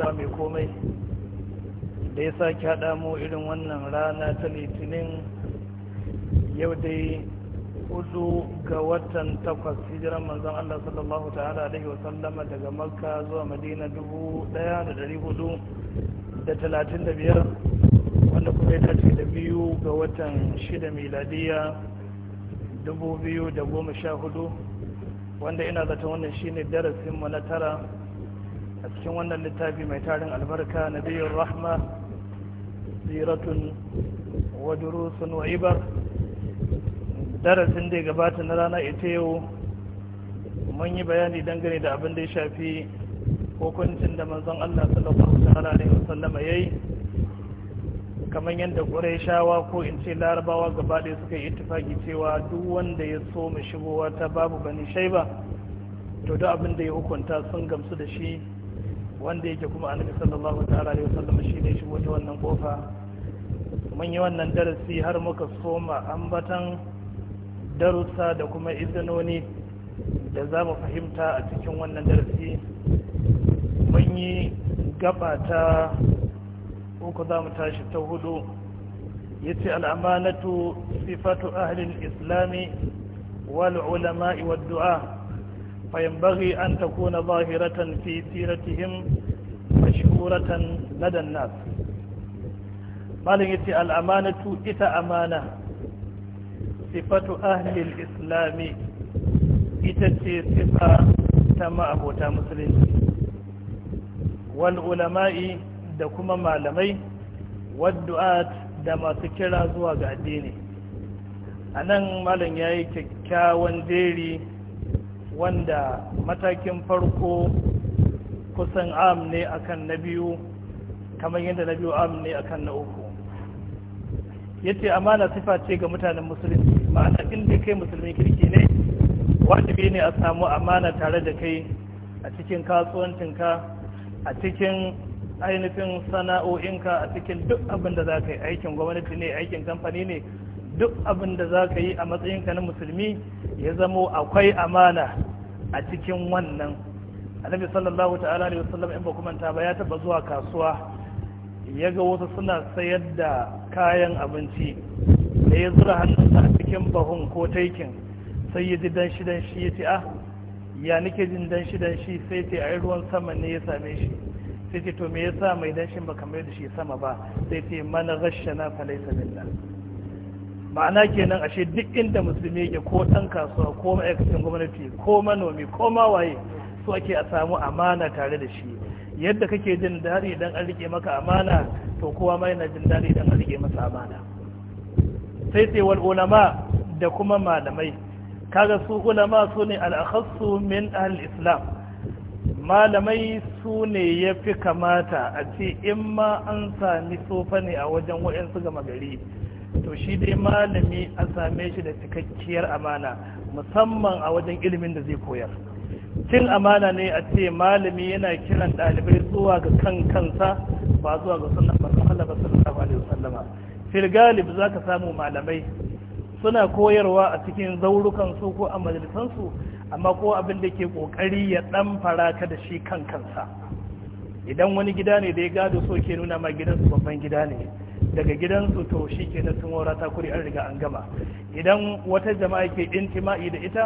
ta'ala mai komai da ya sake haɗa mu irin wannan rana ta litinin yau dai hudu ga watan takwas hijiran manzon Allah sallallahu ta'ala alaihi wa sallama daga makka zuwa madina dubu ɗaya da ɗari hudu da talatin da biyar wanda kuma ya dace da biyu ga watan shida miladiya dubu biyu da goma sha hudu wanda ina zata wannan shine darasinmu na tara a cikin wannan littafi mai tarin albarka na biyun rahma siratun wa wa'ibar, darasin da ya gabata na rana ita yau mun yi bayani dangane da abin da ya shafi hukuncin da manzon Allah sallallahu alaihi wasallam ya yi kamar yadda shawa ko in ce larabawa gaba ɗaya suka yi ittifaki cewa duk wanda ya so mu shigowa ta babu bani shaiba to duk abin da ya hukunta sun gamsu da shi wanda yake kuma annabi sallallahu ta'ala alaihi wasallam shi ne shigo ta wannan kofa mun yi wannan darasi har muka soma ambatan darussa da kuma izinoni da za mu fahimta a cikin wannan darasi mun yi gaba ta uku za mu tashi ta hudu ya ce al'amanatu sifatu ahlin islami wal ulama'i wa du'a فينبغي أن تكون ظاهرة في سيرتهم مشهورة لدى الناس مالك الأمانة إتا أمانة صفة أهل الإسلام إتا صفة تما أبو مسلم والعلماء دكما معلمي والدعاة دما سكرا زواج الديني أنا مالك يا كاوان ديري wanda matakin farko kusan am ne akan na biyu kamar yadda na biyu am ne akan na uku ya ce amana sifa ce ga mutanen musulmi ma'ana inda kai musulmi kirki ne wajibi ne a samu amana tare da kai a cikin kasuwancinka a cikin ainihin sana'o'inka a cikin duk abin da za ka yi aikin gwamnati ne aikin kamfani ne duk abin da za ka yi a matsayinka na musulmi ya zamo akwai amana a cikin wannan annabi sallallahu ta'ala alaihi wasallam in ba kuma ta ba ya taba zuwa kasuwa ya wasu suna sayar da kayan abinci da ya zura hannunsa a cikin bahun ko taikin sai ya ji danshi danshi ya ce ah ya nake jin danshi danshi sai ce ai ruwan sama ne ya same shi sai ce to me yasa mai danshin ba kamar da shi sama ba sai ce mana rashana laysa billah ma'ana kenan ashe duk inda musulmi yake ko ɗan kasuwa ko ma'aikacin gwamnati ko manomi ko mawaye so ake a samu amana tare da shi yadda kake jin daɗi idan an rike maka amana to kowa ma yana jin daɗi idan an rike masa amana sai sai wal ulama da kuma malamai kaga su ulama su ne al'akhassu min al-islam malamai su ne ya fi kamata a ce in ma an sami tsofa ne a wajen waɗansu gama gari to shi dai malami a same shi da cikakkiyar amana musamman a wajen ilimin da zai koyar cin amana ne a ce malami yana kiran ɗalibai zuwa ga kan kansa ba zuwa ga sunan ba sallallahu alaihi wasallama fil galib za ka samu malamai suna koyarwa a cikin zaurukansu ko a su amma ko abin da ke kokari ya dan faraka da shi kan kansa idan wani gida ne da ya gado so ke nuna ma gidansu babban gida ne daga gidansu to shi ke na sun wara takuri an riga an gama idan wata jama'a ke intima'i da ita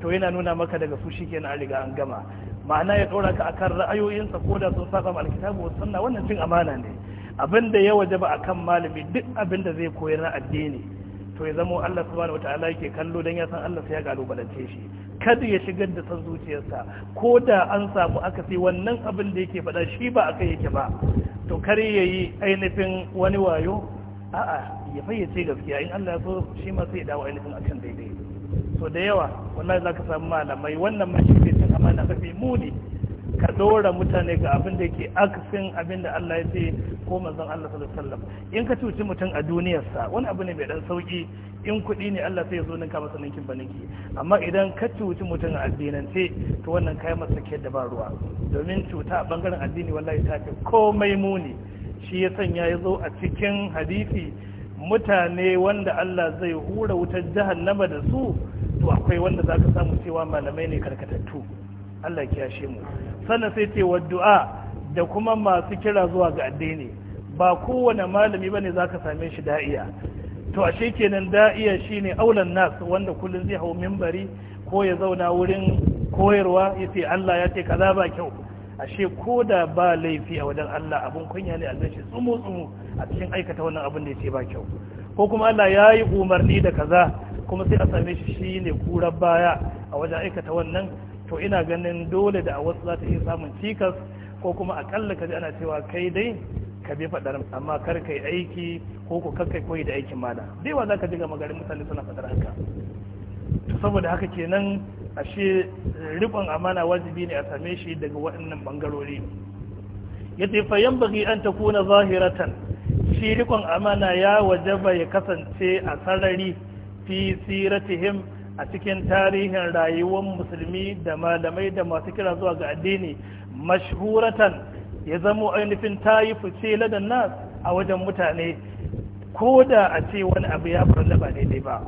to yana nuna maka daga su shi ke na an riga an gama ma'ana ya ɗora ka akan ra'ayoyinsa ko da sun saba alkitabu wasu sunna wannan cin amana ne abin da ya wajaba kan malami duk abin da zai koyar na addini to ya zama Allah subhanahu wataala yake kallo dan ya san Allah sai ya kalubalance shi kada ya shigar da san zuciyarsa ko da an samu aka sai wannan abin da yake faɗa shi ba aka yake ba to kar ya yi ainihin wani wayo a'a ya fayyace gaskiya in Allah ya so shi ma sai ya dawo ainihin akan daidai so da yawa wallahi ka samu malamai wannan mashi ne cin amana mafi muni ka dora mutane ga abin da ke aksin abin da Allah ya ce ko manzon Allah sallallahu alaihi wasallam in ka cuci mutum a duniyarsa wani abu ne mai dan sauki in kuɗi ne Allah sai ya zo ninka masa ninkin baninki amma idan ka cuci mutum a addinance to wannan kai masa ke da ba ruwa domin cuta a bangaren addini wallahi ta ce komai muni shi ya sanya ya zo a cikin hadisi mutane wanda Allah zai hura wutar jahannama da su to akwai wanda zaka samu cewa malamai ne karkatattu Allah ya kiyashe mu sannan sai ce wa du'a da kuma masu kira zuwa ga addini ba kowane malami bane zaka same shi da'iya to ashe kenan da'iya shine aulan nas wanda kullun zai hau minbari ko ya zauna wurin koyarwa yace Allah ya ce kaza ba kyau ashe ko da ba laifi a wajen Allah abun kunya ne Allah shi tsumo tsumo a cikin aikata wannan abun da yace ba kyau ko kuma Allah ya yi umarni da kaza kuma sai a same shi shine kura baya a wajen aikata wannan to ina ganin dole da a wasu za ta iya samun cikas ko kuma akalla ka ji ana cewa kai dai ka bi fadar amma kar kai aiki ko ku kai koyi da aikin mala dai wa ka ji ga magarin mutane suna faɗar haka saboda haka kenan ashe rikon amana wajibi ne a same shi daga waɗannan bangarori Ya ce fa baki an takuna zahiratan shi rikon amana ya wajaba ya kasance a sarari fi siratihim a cikin tarihin rayuwar musulmi da malamai da masu kira zuwa ga addini mashhuratan ya zamo ainihin ta yi fice ladan nas a wajen mutane ko da a ce wani abu ya faru da ba daidai ba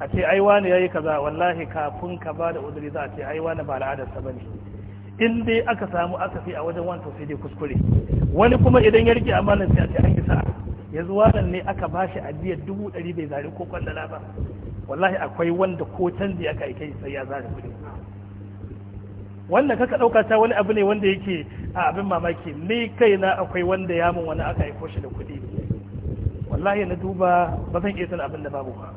a ce ai wani yayi kaza wallahi kafin ka ba da uzuri za a ce ai wani ba al'adarsa bane in dai aka samu akafi a wajen wani tausayi dai kuskure wani kuma idan ya rike amanar sai a ce an yi sa'a yanzu wannan ne aka bashi adiyar dubu ɗari bai zari ko kwandala ba wallahi akwai wanda ko canji aka aike sai ya zara kudi wannan kaka ɗauka ta wani abu ne wanda yake a abin mamaki ni kaina akwai wanda ya mun wani aka aiko shi da kuɗi wallahi na duba ba zan iya san abin da babu ba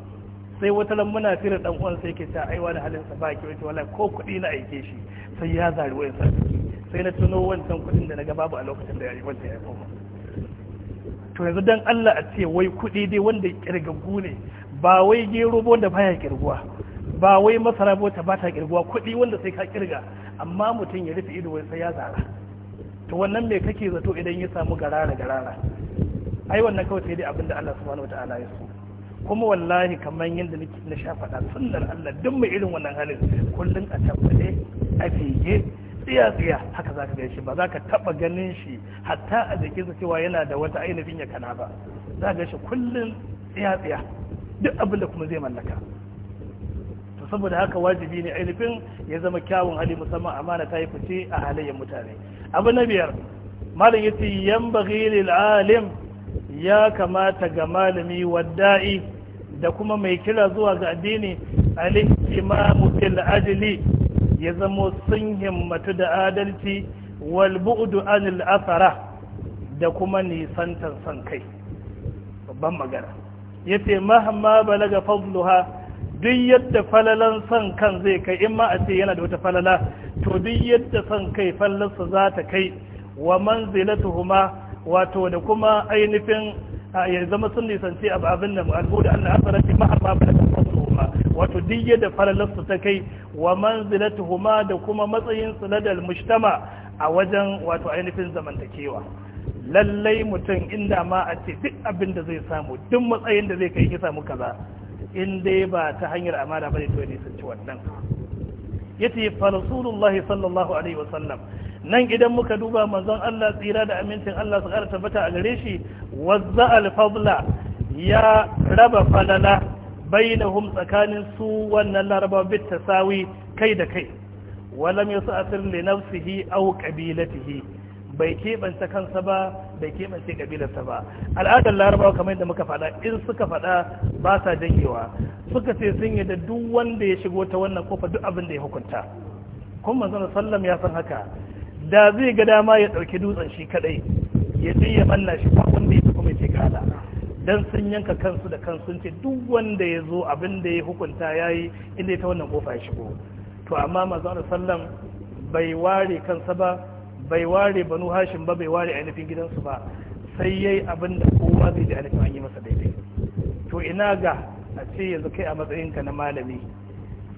sai wata lan muna fira dan uwan sai yake ta aiwa da halin sa ba ki wato wallahi ko kuɗi na aike shi sai ya zari wayan sa sai na tuno wancan kuɗin da naga babu a lokacin da ya yi ya koma to yanzu dan Allah a ce wai kuɗi dai wanda kirgagu ne ba wai gero wanda baya kirguwa ba wai masara bota ba ta kirguwa kuɗi wanda sai ka kirga amma mutum ya rufe ido sai ya zara to wannan me kake zato idan ya samu garara garara ai wannan kawai sai dai abin da Allah subhanahu wataala ya so kuma wallahi kamar yadda na sha faɗa sunnar Allah duk mai irin wannan halin kullum a tabbade a fige tsiya-tsiya haka za ka gaishe ba za ka taɓa ganin shi hatta a jikinsa cewa yana da wata ainihin ya kana ba za ka gaishe kullum tsiya-tsiya duk abin da kuma zai mallaka to saboda haka wajibi ne ainihin ya zama kyawun hali musamman amana ta yi fice a halayen mutane abu na biyar malam yace yanbaghi lil alim ya kamata ga malami wadda'i da kuma mai kira zuwa ga addini al-ihtimamu bil ya zama sun himmatu da adalci wal bu'du anil asara da kuma nisantar san kai babban magana ya ce mahamma balaga fadluha duk yadda falalan son kan zai kai in ma a ce yana da wata falala to duk yadda son kai fallarsa za ta kai wa manzilatuhuma wato da kuma ainihin ya zama sun nisanci abu abin da albuda an asara ce mahamma balaga fadluhuma wato duk yadda falalarsa ta kai wa manzilatuhuma da kuma matsayin su ladal mujtama a wajen wato ainihin zamantakewa lallai mutum inda ma a ce duk abin da zai samu duk matsayin da zai kai ya samu kaza in dai ba ta hanyar amana bane to ne sun ci wannan yace fa rasulullahi sallallahu alaihi sallam nan idan muka duba manzon Allah tsira da amincin Allah su ƙara tabbata a gare shi wazza al-fadla ya raba falala bainahum tsakanin su wannan laraba bit tasawi kai da kai walam yas'asir li nafsihi aw qabilatihi bai kebanta kansa ba bai kebanta ƙabilarsa ba al'adar larabawa kamar yadda muka faɗa in suka faɗa ba sa janyewa suka ce sun yi da duk wanda ya shigo ta wannan kofa duk abin da ya hukunta kuma manzon sallam ya san haka da zai ga dama ya ɗauki dutsen shi kaɗai ya je ya manna shi ba wanda ya kuma ce kada dan sun yanka kansu da kansu ce duk wanda ya zo abin da ya hukunta yayi inda ta wannan kofa ya shigo to amma manzon sallam bai ware kansa ba bai ware banu hashin ba bai ware ainihin gidansu ba sai yayi abin da kowa zai da ainihin an yi masa daidai to ina ga a ce yanzu kai a matsayinka na malami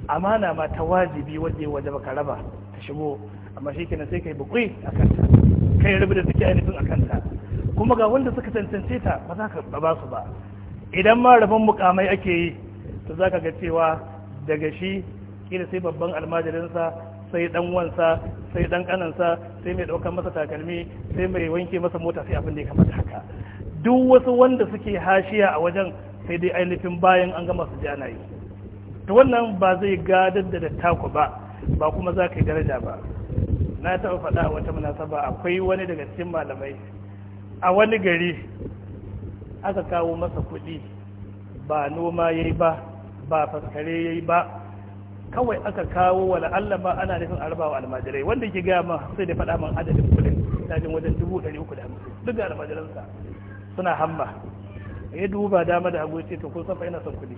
amana ma ta wajibi waje waje baka raba ta shigo amma shi kenan sai kai bukwi a kanta kai rabu da suke ainihin a kanta kuma ga wanda suka tantance ta ba za ka ba su ba idan ma rabon mukamai ake yi to za ka ga cewa daga shi kila sai babban almajirinsa sai dan wansa sai dan kanansa sai mai daukar masa takalmi sai mai wanke masa mota sai abin da ya kamata haka duk wasu wanda suke hashiya a wajen sai dai ainihin bayan an gama su jana yi to wannan ba zai gadar da dattako ba ba kuma za ka yi daraja ba na taɓa faɗa a wata munasaba akwai wani daga cikin malamai a wani gari aka kawo masa kuɗi ba noma ya yi ba ba faskare ya yi ba kawai aka kawo wa la'alla ba ana nufin a rabawa almajirai wanda ke gaya ma sai da faɗa man adadin kuɗin dajin wajen dubu ɗari uku da hamsin duk da almajiransa suna hamma yi duba dama da hagu ce to kun san fa ina son kuɗi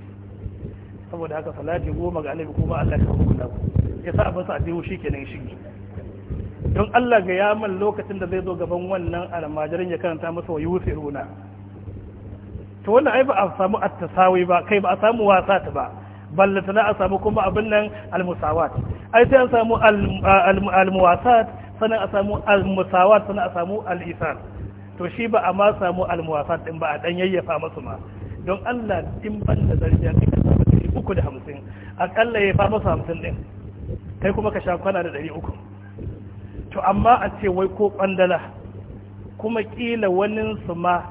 saboda haka salati goma ga annabi kuma Allah ka hukunta ku ya sa abin sa a ke shikenan shi don Allah ga yaman lokacin da zai zo gaban wannan almajirin ya karanta masa wa runa. to wannan ai ba a samu at-tasawi ba kai ba a samu wasa ta ba ballatana a samu kuma abin nan almusawat ai sai an samu almuwasat sannan a samu almusawat sannan a samu al'isan to shi ba a ma samu almuwasat din ba a dan yayyafa masu ma don Allah din ban da zarfiya kai ka samu ɗari uku da hamsin aƙalla ya fa masu hamsin ɗin kai kuma ka sha kwana da ɗari uku to amma a ce wai ko ƙwandala kuma ƙila su ma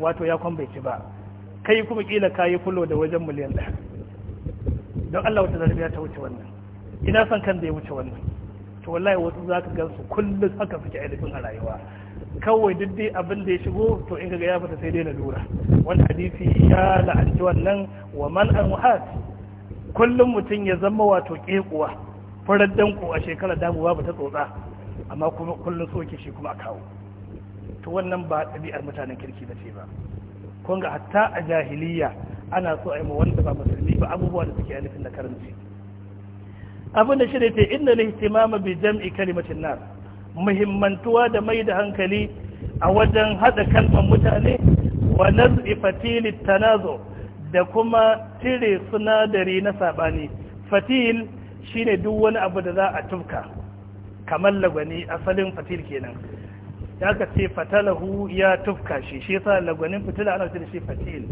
wato ya kwan bai ci ba kai kuma ƙila ka yi fulo da wajen miliyan ɗaya don Allah wata zarbiya ta wuce wannan ina son kan da ya wuce wannan to wallahi wasu za ka gansu kullum haka suke ainihin a rayuwa kawai duk dai abin da ya shigo to in ga ya fita sai dai na lura wani hadisi ya la'anci wannan wa man an wahad kullum mutum ya zama wato kekuwa farar danko a shekarar damuwa ba ta tsotsa amma kuma kullum soke shi kuma a kawo to wannan ba ɗabi'ar mutanen kirki ba ce ba kun ga hatta a jahiliya ana so a yi wanda ba musulmi ba abubuwa da suke alifin na karanci abin da shi ne ta inna lihtimama bi jam'i kalimatin nar muhimmantuwa da mai da hankali a wajen hada kalmar mutane wa naz'i fatili tanazo da kuma tire sinadari na sabani fatil shine duk wani abu da za a tufka kamar lagwani asalin fatil kenan ya ka ce fatalahu ya tufka shi shi yasa lagwanin fitila ana ce da shi fatil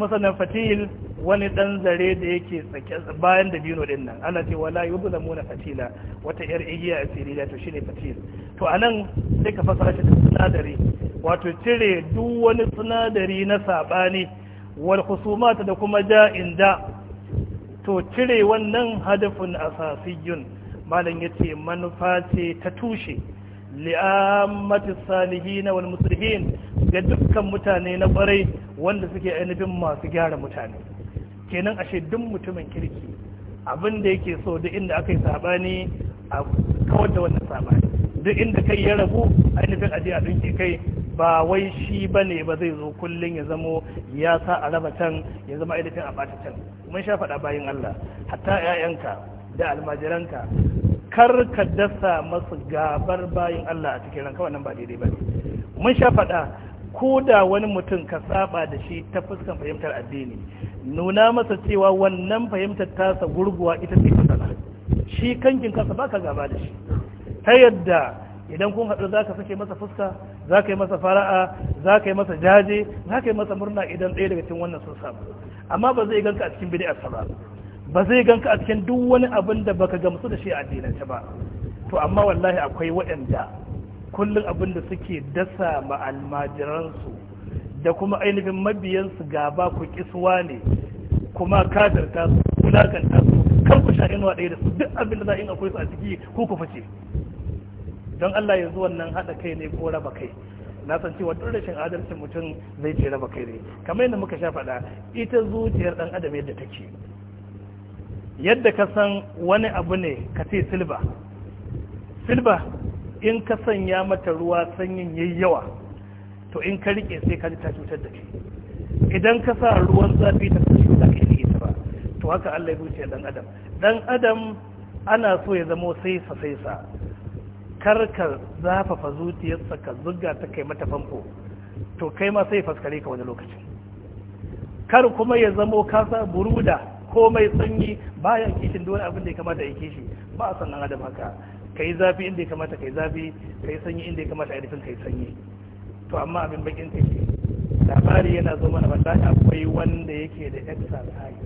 kuma sannan fatil wani dan zare da yake tsake bayan da bino din nan ana ce wala yuzlamuna fatila wata yar igiya asiri da to shine fatil to anan sai ka fasara shi da sinadari wato cire duk wani sinadari na sabani wal khusumat da kuma ja'in da to cire wannan hadafin asasiyun malam yace manufa ce ta tushe li'ammati salihin wal muslimin ga dukkan mutane na kwarai wanda suke ainihin masu gyara mutane kenan ashe duk mutumin kirki abin da yake so duk inda aka yi sabani a kawar da wannan sabani duk inda kai ya rabu ainihin aje a dinke kai ba wai shi ba ne ba zai zo kullum ya zamo ya sa a raba can ya zama ainihin a bata can mun sha faɗa bayan Allah hatta ƴaƴanka da almajiranka kar ka dasa masu gabar bayan Allah a cikin ranka wannan ba daidai ba ne mun sha faɗa ko da wani mutum ka saba da shi ta fuskan fahimtar addini nuna masa cewa wannan fahimtar tasa gurguwa ita ce ta sana shi kankin kansa baka gaba da shi ta yadda idan kun haɗu zaka sake masa fuska zaka yi masa fara'a zaka yi masa jaje zaka yi masa murna idan ɗaya daga cin wannan sun samu amma ba zai ganka a cikin bid'a ba ba zai ganka a cikin duk wani abin da baka gamsu da shi a addinance ba to amma wallahi akwai waɗanda kullum abin da suke dasa ma da kuma ainihin mabiyansu gaba ku kisuwa ne kuma kadarta su wulakanta su kan ku sha inuwa ɗaya da su duk abin da za in akwai su a ciki ko ku fice don Allah ya zuwa nan haɗa kai ne ko raba kai na san cewa duk rashin adalcin mutum zai ce raba kai ne kamar yadda muka sha faɗa ita zuciyar ɗan adam yadda take yadda ka san wani abu ne ka ce silba silba in ka sanya mata ruwa sanyin yayi yawa to in ka rike sai ka ta cutar da kai idan ka sa ruwan zafi ta cutar da kai ita ba to haka Allah ya buce dan adam dan adam ana so ya zama sai sa sai sa karka zafafa zuciyarsa ka zuga ta kai mata famfo to kai ma sai faskare ka wani lokaci kar kuma ya zamo kasa buruda komai sanyi baya kishin dole abin da ya kamata ya kishi ba a sannan adam haka ka yi zafi inda ya kamata ka yi zafi ka yi sanyi inda ya kamata a ka yi sanyi to amma abin bakin ke labari yana zo mana wanda akwai wanda yake da exercise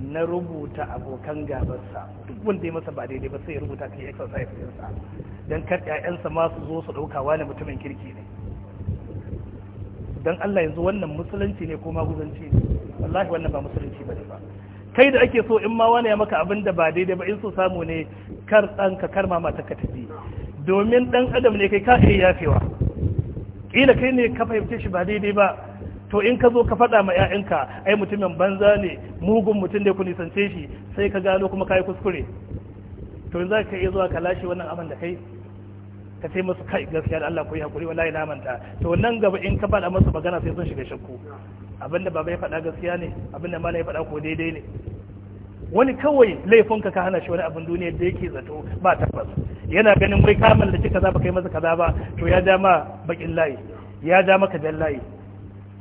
na rubuta abokan gabarsa duk wanda ya masa ba daidai ba sai ya rubuta kai exercise ɗinsa don kar ƴaƴansa ma su zo su ɗauka wani mutumin kirki ne don Allah yanzu wannan musulunci ne ko maguzanci ne wallahi wannan ba musulunci ba ne ba kai da ake so in ma wani ya maka abin da ba daidai ba in so samu ne kar ɗanka kar mama ta ka tafi domin ɗan adam ne kai ka iya yafewa ƙila kai ne ka fahimce shi ba daidai ba to in ka zo ka faɗa ma 'ya'yanka ai mutumin banza ne mugun mutum da ku nisance shi sai ka gano kuma ka yi kuskure to yanzu za ka iya zuwa ka lashe wannan abin da kai ka ce musu kai gaskiya da Allah ko yi hakuri wallahi na manta to nan gaba in ka faɗa musu magana sai sun shiga shakku abinda baba ya faɗa gaskiya ne abinda mala ya faɗa ko daidai ne wani kawai laifinka ka hana shi wani abin duniya da yake zato ba tabbas yana ganin wai ka mallaki kaza ba kai masa kaza ba to ya dama bakin layi ya dama maka jan layi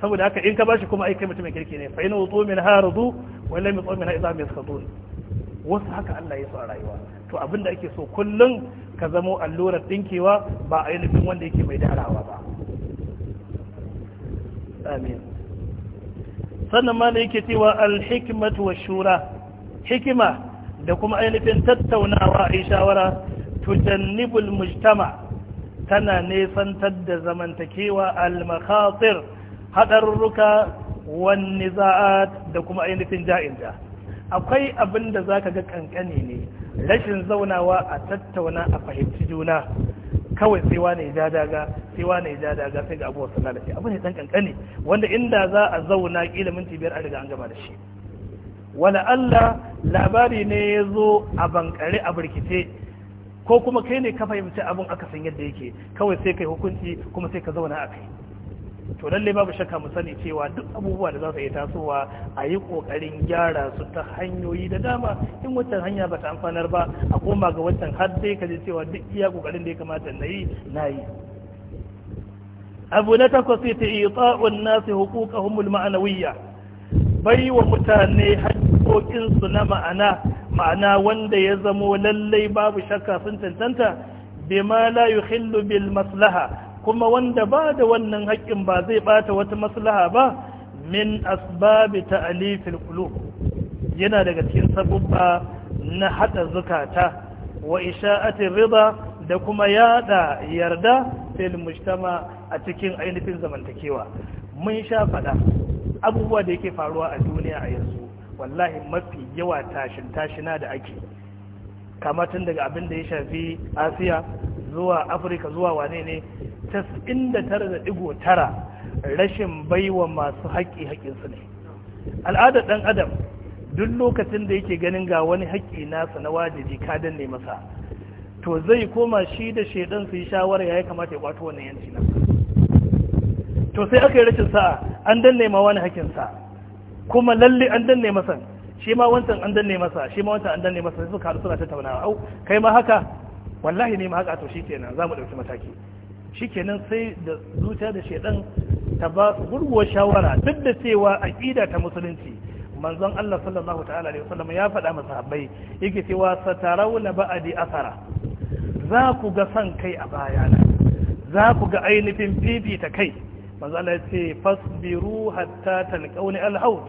saboda haka in ka bashi kuma ai kai mutumin kirki ne fa in wutu min haradu wa lam yutu min idha yaskutun wasu haka Allah ya so a rayuwa to abin da ake so kullun ka zamo allurar dinkewa ba a ainihin wanda yake mai darawa ba amin sannan ma ne yake cewa wa shura hikima da kuma ainihin tattaunawa a shawara tujannibul mujtama tana nesantar da zamantakewa al-makhatir hadarruka wan niza'at da kuma ainihin ja'inja akwai abin da zaka ga kankane ne rashin zaunawa a tattauna a fahimci juna kawai sai ne ja daga sai ne ja daga sai ga sallah sun lalace abu ne dan kankani wanda inda za a zauna kila minti biyar an riga an gama da shi wala Allah labari ne ya zo a bankare a birkice ko kuma kai ne ka fahimci abin aka san yadda yake kawai sai kai hukunci kuma sai ka zauna a kai to lalle babu shakka mu sani cewa duk abubuwa da za su iya tasowa a yi kokarin gyara su ta hanyoyi da dama in wancan hanya ba ta amfanar ba a koma ga wancan har dai ka je cewa duk iya kokarin da ya kamata na yi na yi abu na takwas sai ta iya tsa'un nasu hukukahumul ma'anawiyya bai wa mutane haƙƙoƙinsu na ma'ana ma'ana wanda ya zamo lallai babu shakka sun cancanta bima la yuhillu bil maslaha kuma wanda ba da wannan haƙƙin ba zai bata wata maslaha ba min asbabi alifin qulub yana daga cikin sabubba na haɗa zukata wa isha'atir rida da kuma yada yarda fil mujtama a cikin ainihin zamantakewa mun sha fada abubuwa da yake faruwa a duniya a yanzu wallahi mafi yawa tashin tashina da ake kamar tun daga abin da ya shafi asiya zuwa afirka zuwa wane ne 99.9 rashin baiwa masu haƙƙi haƙƙinsu ne Al'ada ɗan adam duk lokacin da yake ganin ga wani haƙƙi nasa na wajibi ka danne masa to zai koma shi da shaidan su yi shawara ya yi kamata ya kwato wannan yanci na to sai aka yi rashin sa'a an danne ma wani haƙƙinsa kuma lalle an danne masa shi ma wancan an danne masa shi ma wancan an danne masa sai suka haɗu suna tattaunawa au kai ma haka wallahi ne ma haka to shikenan za mu ɗauki mataki shikenan sai da zuciya da shaidan ta ba su shawara duk da cewa aqida ta musulunci manzon Allah sallallahu ta'ala alaihi wasallam ya faɗa masa sahabbai yake cewa la ba'di asara za ku ga san kai a bayana za ku ga ainihin ta kai manzon Allah ya ce fasbiru hatta talqauni alhaut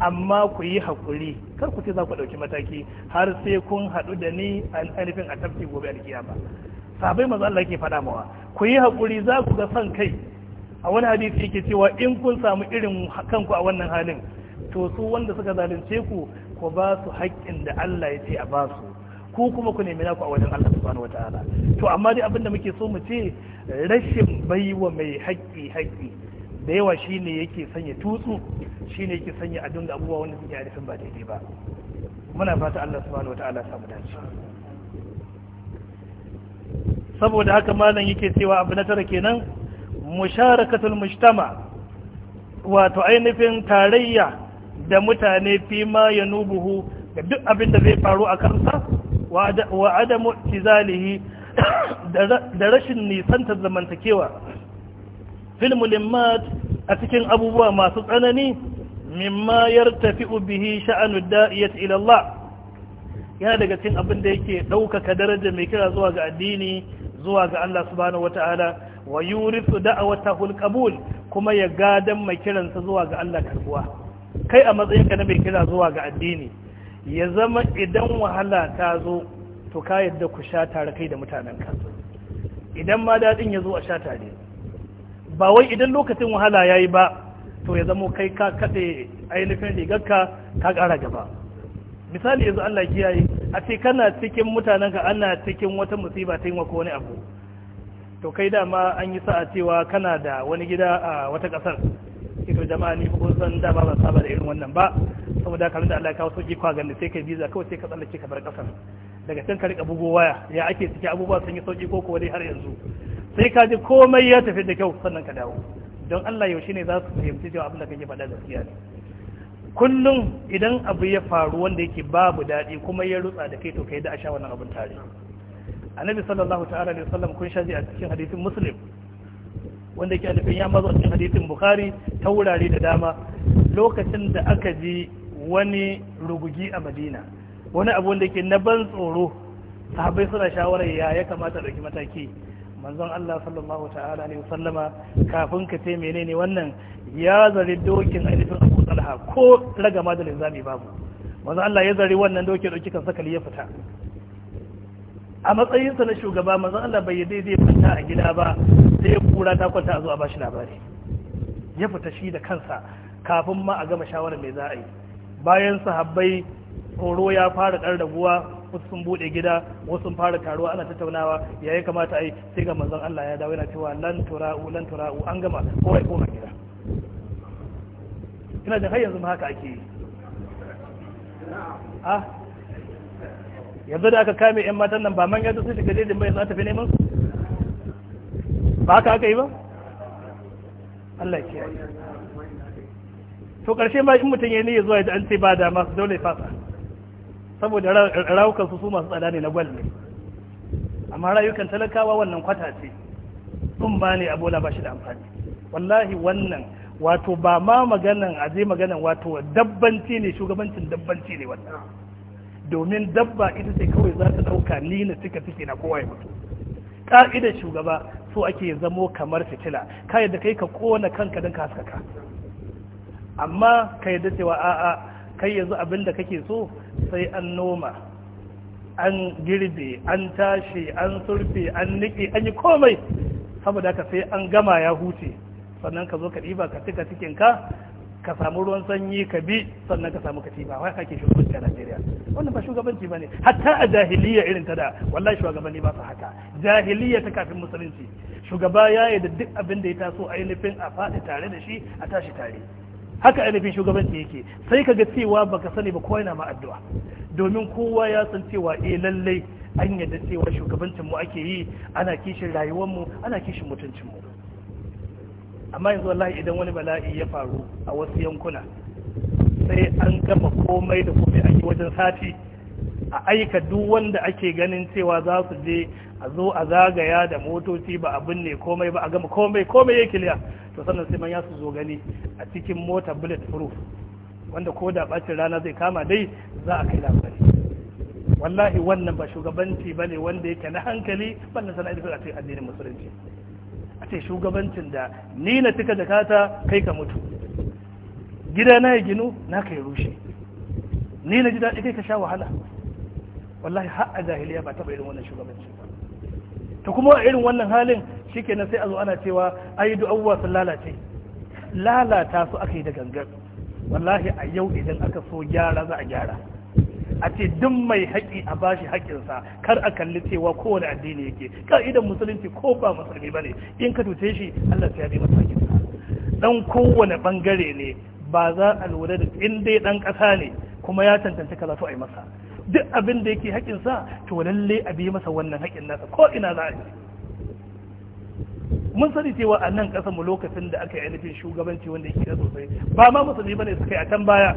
amma ku yi hakuri kar ku ce za ku ɗauki mataki har sai kun haɗu da ni alifin a tafki gobe alkiyama sabai manzo Allah ke faɗa mawa ku yi hakuri za ku ga son kai a wani hadisi yake cewa in kun samu irin kanku a wannan halin to su wanda suka zalunce ku ku ba su haƙƙin da Allah ya ce a ba su ko kuma ku nemi naku a wajen Allah subhanahu wataala to amma dai abin da muke so mu ce rashin baiwa mai haƙƙi haƙƙi da yawa shine yake sanya tutsu shine yake sanya a dinga abubuwa wanda suke a ba daidai ba muna fata Allah subhanahu wataala samu dace saboda haka malam yake cewa abu na tara kenan musharakatul mujtama wato ainihin tarayya da mutane fi ma ya nubuhu da duk abin da zai faru a kansa wa adamu tizalihi da rashin nisantar zamantakewa fil mulimmat a cikin abubuwa masu tsanani mimma yartafi'u bihi sha'anu da'iyat ila Allah yana daga cikin abin da yake ɗaukaka daraja mai kira zuwa ga addini zuwa ga Allah subhanahu wataala wa yurisu da'watahu alqabul kuma ya gadan mai kiransa zuwa ga Allah karbuwa kai a matsayin ka na mai kira zuwa ga addini ya zama idan wahala ta zo to ka yadda ku sha tare kai da ka idan ma dadin ya zo a sha tare ba wai idan lokacin wahala yayi ba to ya zama kai ka kade ainihin rigarka ka kara gaba misali yanzu Allah kiyaye a ce kana cikin mutanen ka ana cikin wata musiba ta yi wa kowane abu to kai dama an yi sa'a cewa kana da wani gida a wata kasar ito jama'a ni kun san da ba saba da irin wannan ba saboda kamar da Allah ya kawo sauki kwa ganin sai kai visa kawai sai ka tsallake ka bar ƙasar daga can ka rika bugo waya ya ake ciki abubuwa sun yi sauki ko kuwa dai har yanzu sai ka ji komai ya tafi da kyau sannan ka dawo don Allah yaushe ne za su fahimci cewa abin da kake faɗa gaskiya ne kullum idan abu ya faru wanda yake babu daɗi kuma ya rutsa da kai to kai da a sha wannan abin tare annabi sallallahu ta'ala alaihi wasallam kun shaji a cikin hadisin muslim wanda yake alifin ya mazo a cikin hadisin bukhari ta wurare da dama lokacin da aka ji wani rugugi a madina wani abu wanda yake na ban tsoro sahabbai suna shawarar ya ya kamata ɗauki mataki manzon Allah sallallahu ta'ala alaihi wasallama kafin ka ce menene wannan ya zari dokin alifin abu talha ko ragama da linzami babu manzo Allah ya zari wannan doke doki kan sakali ya fita a matsayinsa na shugaba manzo Allah bai yadda zai fita a gida ba sai kura ta kwanta a zuwa bashi labari ya fita shi da kansa kafin ma a gama shawara mai za a yi bayan sahabbai horo ya fara ɗan raguwa wasu sun bude gida wasu sun fara taruwa ana tattaunawa yayin kamata ai sai ga manzon Allah ya dawo yana cewa lan tura'u lan tura'u an gama kowai koma gida ina da har yanzu ma haka ake yi yanzu da aka kame yan matan nan ba man da sun shiga jejin bai za ta fi neman su ba haka aka yi ba Allah ya kiyaye to karshe ma in mutum ya ne zuwa yadda an ce ba da masu dole fasa saboda rayukan su su masu tsada ne na gwal ne amma rayukan talakawa wannan kwata ce sun ba ne abola ba shi da amfani wallahi wannan wato ba ma maganan a je maganan wato dabbanci ne shugabancin dabbanci ne wannan domin dabba ita ce kawai za ta ɗauka ni na cika cike na kowa ya mutu ka'ida shugaba so ake zamo kamar fitila ka yadda kai ka kona kanka don ka haskaka amma ka yadda cewa a'a kai yanzu abin da kake so sai an noma an girbe an tashi an surfe an niƙe an yi komai saboda ka sai an gama ya huce sannan ka zo ka ɗiba ka cika cikin ka ka samu ruwan sanyi ka bi sannan ka samu katiba wai kake shugabanci a Najeriya wannan ba shugabanci bane hatta a jahiliya irin ta da wallahi shugabanni ba su haka jahiliya ta kafin musulunci shugaba ya yi da duk abin da ya taso ainihin a faɗi tare da shi a tashi tare haka ainihin shugabanci yake sai ka ga cewa baka sani ba kowa yana ma addu'a domin kowa ya san cewa eh lallai an yadda cewa shugabancin mu ake yi ana kishin rayuwar mu ana kishin mutuncin mu amma yanzu wallahi idan wani bala'i ya faru a wasu yankuna sai an gama komai da komai a yi wajen sati a aika duk wanda ake ganin cewa za su je a zo a zagaya da motoci ba abin ne komai ba a gama komai komai ya kiliya to sannan sai manya su zo gani a cikin mota bullet proof wanda ko da bacin rana zai kama dai za a kai labari wallahi wannan ba shugabanci ba ne wanda yake na hankali ballan sana'ar da addinin musulunci a ce shugabancin da ni na cika jakata kai ka mutu gida na ya ginu na yi rushe ni na ji daɗi kai ka sha wahala wallahi har a jahiliya ba taɓa irin wannan shugabanci ba ta kuma a irin wannan halin shi na sai a zo ana cewa a yi du'awwa sun lalace lalata su aka yi da gangan wallahi a yau idan aka so gyara za a gyara a ce duk mai haƙi a bashi haƙinsa kar a kalli cewa kowane addini yake ka'idan musulunci ko ba musulmi bane in ka tuce shi Allah ya bi masa haƙinsa dan kowane bangare ne ba za a lura da in dai dan ƙasa ne kuma ya tantance kaza to yi masa duk abin da yake haƙinsa to lalle a bi masa wannan haƙin nasa ko ina za a yi mun sani cewa a nan ƙasa mu lokacin da aka yi ainihin shugabanci wanda yake da sosai ba ma musulmi bane suka yi a can baya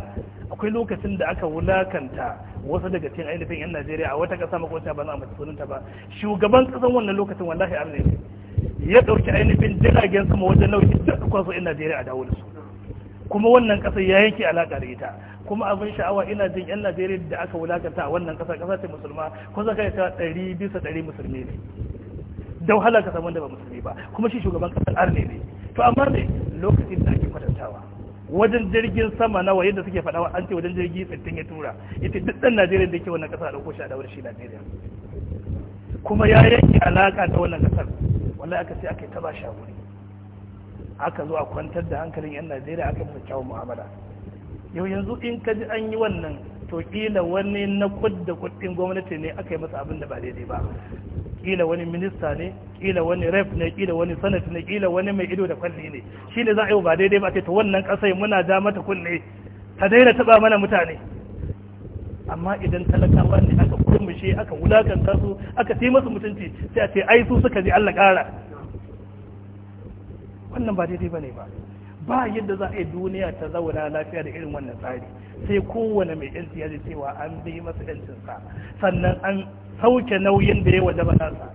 akwai lokacin da aka wulakanta wasu daga cikin ainihin yan Najeriya a wata ƙasa makwabta ba za a mace sunanta ba shugaban ƙasan wannan lokacin wallahi arne ya ɗauki ainihin jiragen sama wajen nauyi duk kwaso yan Najeriya a dawo da su kuma wannan ƙasa ya yanke alaƙa da ita kuma abin sha'awa ina jin yan Najeriya da aka wulakanta a wannan ƙasa ƙasa ta musulma kusa kai ta ɗari bisa ɗari musulmi ne da wahala ka da wanda ba musulmi ba kuma shi shugaban kasar arne ne to amma ne lokacin da ake kwatantawa wajen jirgin sama nawa yadda suke faɗa an ce wajen jirgi tsittin ya tura ita duk ɗan najeriya da ke wannan a da shi a dawar shi najeriya kuma ya yanke alaƙa da wannan ƙasar wallahi aka sai aka yi taba shaguri aka zo a kwantar da hankalin yan najeriya aka musu kyawun mu'amala yau yanzu in ka ji an yi wannan to kila wani na kudda kuɗin gwamnati ne aka yi masa abin da ba daidai ba kila wani minista ne kila wani rep ne kila wani sanat ne kila wani mai ido da kwalli ne shi ne za a yi ba daidai ba ce ta wannan kasai muna ja mata kunne ta daina taba mana mutane amma idan talakawa ne aka kurmushe aka wulakanta su aka ci masu mutunci sai a ce ai su suka ji Allah kara wannan ba daidai bane ba ba yadda za a yi duniya ta zauna lafiya da irin wannan tsari sai kowane mai yanci ya cewa an bi masa sa sannan an sauke nauyin da ya waje ba nasa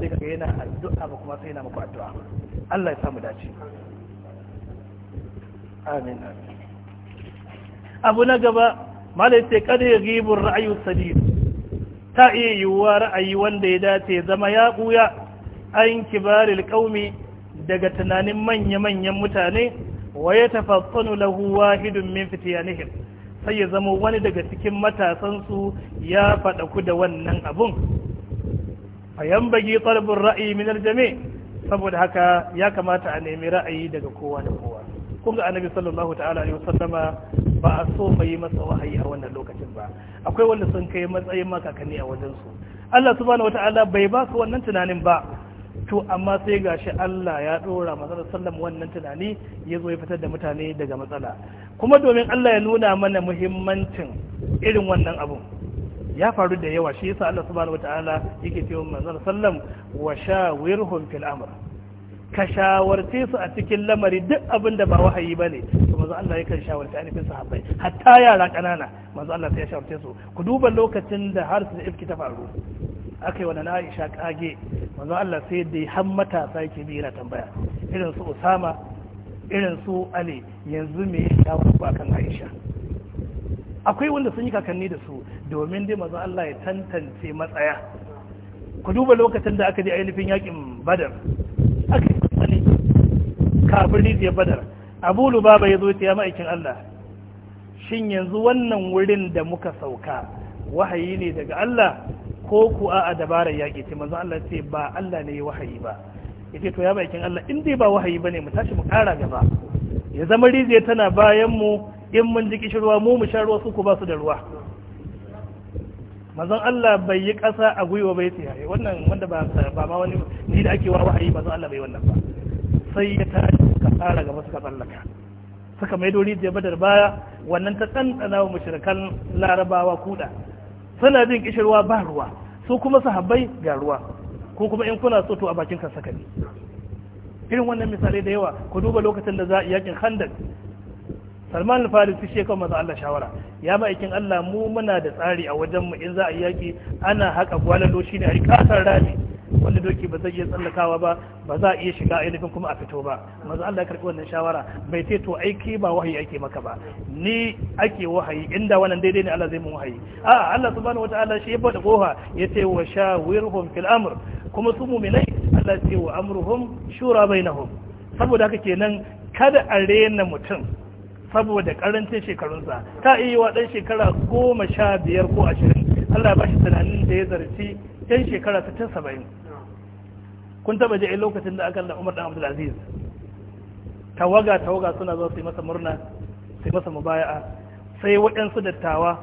sai kaga yana addu'a ba kuma sai yana muku addu'a Allah ya samu dace amin abu na gaba malai sai kada ya gibin ra'ayu sadid ta iya yiwuwa ra'ayi wanda ya dace zama ya buya an kibaril qaumi daga tunanin manya-manyan mutane wa ya tafaffanu lahu wahidun min fitiyanihim sai ya zama wani daga cikin matasansu ya faɗa ku da wannan abun a yan bagi ƙarfin ra'ayi minar jami saboda haka ya kamata a nemi ra'ayi daga kowa da kowa kun ga annabi sallallahu ta'ala alaihi wasallama ba a so yi masa wahayi a wannan lokacin ba akwai wanda sun kai matsayin makakanni a wajensu Allah subhanahu ta'ala bai ba su wannan tunanin ba to amma sai ga shi Allah ya dora masa sallam wannan tunani ya zo ya fitar da mutane daga matsala kuma domin Allah ya nuna mana muhimmancin irin wannan abu ya faru da yawa shi yasa Allah subhanahu wataala yake cewa manzon sallam wa shawirhum fil amr ka shawarce su a cikin lamari duk abin da ba wahayi ba ne to manzo Allah ya kan shawarce ainihin sahabbai hatta yara ƙanana manzo Allah sai ya shawarce su ku duba lokacin da har su ifki ta faru aka yi wa na Aisha kage manzo Allah sai da har matasa yake bi tambaya irin su Usama irin su Ali yanzu me ya shawo ba kan Aisha akwai wanda sun yi kakanni da su domin dai manzo Allah ya tantance matsaya ku duba lokacin da aka je ainihin yakin Badar aka yi tsani Kafin da Badar Abu Lubaba ya zo ya ma'aikin Allah shin yanzu wannan wurin da muka sauka wahayi ne daga Allah ko ku a dabarar yaƙi ce manzo Allah ce ba Allah ne wahayi ba yace to ya bakin Allah in dai ba wahayi bane mu tashi mu ƙara gaba ya zama rijiya tana bayan mu in mun ji kishirwa mu mu sha ruwa su ku ba su da ruwa Mazan Allah bai yi ƙasa a gwiwa bai tsaya wannan wanda ba ba ma wani ni da ake wa wahayi manzon Allah bai wannan ba sai ya tashi suka fara gaba suka tsallaka suka maido ba badar baya wannan ta tsantsana wa mushrikan larabawa kuɗa suna jin kishirwa ba ruwa su kuma sahabbai ga ruwa ko kuma in kuna so a bakin kan saka irin wannan misalai da yawa ku duba lokacin da za a yakin handan salman al-farisi shi kan maza Allah shawara ya ma'aikin Allah mu muna da tsari a wajen mu in za a yaki ana haka gwalalo shi ne a rikatar rami doki ba zai iya tsallakawa ba ba za a iya shiga ainihin kuma a fito ba maza Allah ya karɓi wannan shawara bai ce to aiki ba wahayi ake maka ba ni ake wahayi inda wannan daidai ne Allah zai mun wahayi a Allah subhanahu wataala shi ya bada goha ya ce wa shawirhum fil amr kuma su mu'minai Allah ce wa amruhum shura bainahum saboda haka kenan kada a rena mutum saboda karancin shekarunsa ta iya wa ɗan shekara goma sha biyar ko ashirin Allah ba shi tunanin da ya zarci 'yan shekara ta saba'in kun taba ji lokacin da aka da Umar dan Abdul Aziz tawaga tawaga suna zo su yi masa murna su yi masa mubaya'a sai waɗansu dattawa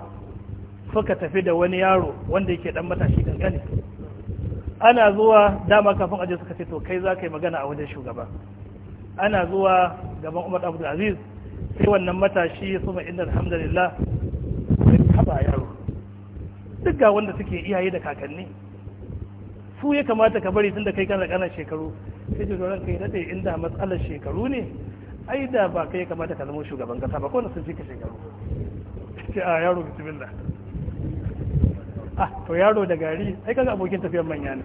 suka tafi da wani yaro wanda yake dan matashi kankani ana zuwa dama kafin aje suka ce to kai za ka yi magana a wajen shugaba ana zuwa gaban Umar Abdul Aziz sai wannan matashi so ma inna alhamdulillah sai haba yaro duk ga wanda suke iyaye da kakanni su ya kamata ka bari tun da kai kana kana shekaru sai ce doron kai daɗe inda matsalar shekaru ne ai da ba kai kamata ka zama shugaban kasa ba kowane sun fi shekaru ce a yaro bismillah ah to yaro da gari ai kaga abokin tafiyar manya ne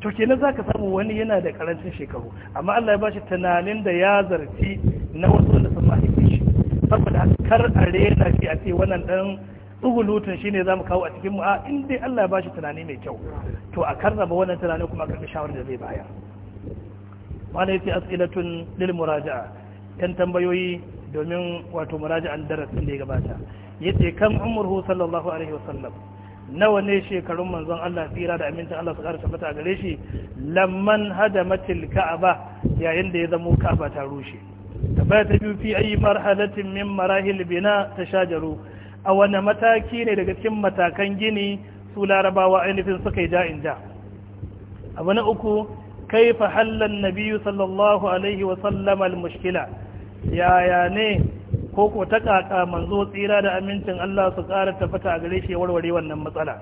to kenan ka samu wani yana da karancin shekaru amma Allah ya bashi tunanin da ya zarti na wasu wanda sun mahaifi shi saboda kar a rena shi a ce wannan dan ɗugulutun shi ne za mu kawo a cikin mu'a in dai Allah ya bashi tunani mai kyau to a raba wannan tunani kuma a karɓi shawarar da zai bayar mana yace as'ilatun lil muraja'a yan tambayoyi domin wato muraja'an darasin da ya gabata yace kam umruhu sallallahu alaihi wasallam nawa ne shekarun manzon Allah tsira da amintan Allah su ƙara tabbata a gare shi lamman hadamatil ba yayin da ya zamo ka'aba ta rushe tabbata biyu fi ayi marhalatin min marahil bina tashajaru a wane mataki ne daga cikin matakan gini su larabawa ainihin suka yi ja'in ja abu na uku fa hallan nabiyu sallallahu alaihi wasallam al-mushkila yaya ne ko ko ta kaka manzo tsira da amincin Allah su kara tabbata a gare shi warware wannan matsala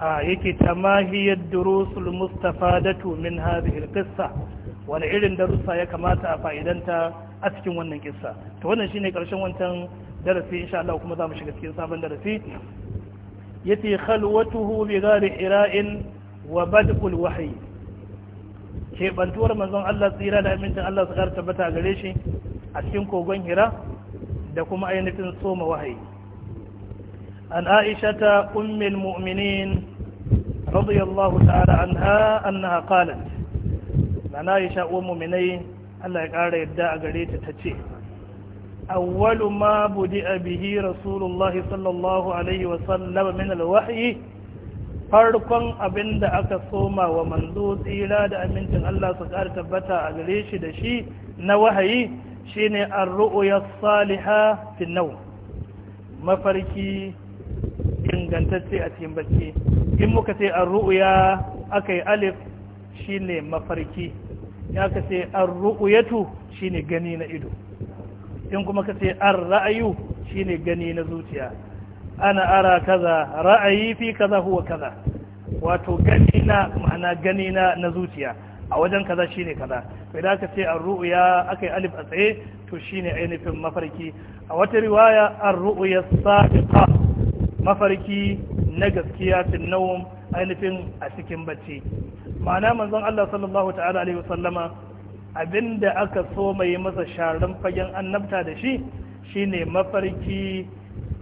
a yake tamahiyar durusul Mustapha min hadhihi al-qissa wani irin darussa ya kamata a fa'idanta a cikin wannan kissa ta wannan shine karshen wancan darasi insha Allah kuma za mu shiga cikin sabon darasi yace khalwatuhu bi gari ira'in wa bad'ul wahyi ke bantuwar manzon Allah tsira da amincin Allah su karta bata gare shi a cikin kogon hira da kuma ainihin soma wahayi an aisha ta ummul mu'minin radiyallahu ta'ala anha annaha qalat na aisha uwar mu'minai Allah ya kara yadda a gare ta tace أول ما بدأ به رسول الله صلى الله عليه وسلم من الوحي farkon abin da aka soma wa manzo tsira da amincin Allah su ƙara tabbata a gare shi da shi na wahayi shine ar-ru'ya saliha fi naw mafarki ingantacce a cikin bacci in muka ce ar-ru'ya akai alif shine mafarki ya ka ce ar-ru'yatu shine gani na ido in kuma ka ce an ra'ayu shine gani na zuciya ana ara kaza ra'ayi fi kaza huwa kaza wato gani na ma'ana gani na zuciya a wajen kaza ne kaza Sai da aka ce a ruya yi alif a tsaye to shine ainihin mafarki a wata riwaya ar-ru'ya sadiqa mafarki na gaskiya tin nawm ainihin a cikin bacci ma'ana manzon Allah sallallahu ta'ala alaihi wasallama abinda aka so mai masa sharan fagen annabta da shi shi ne mafarki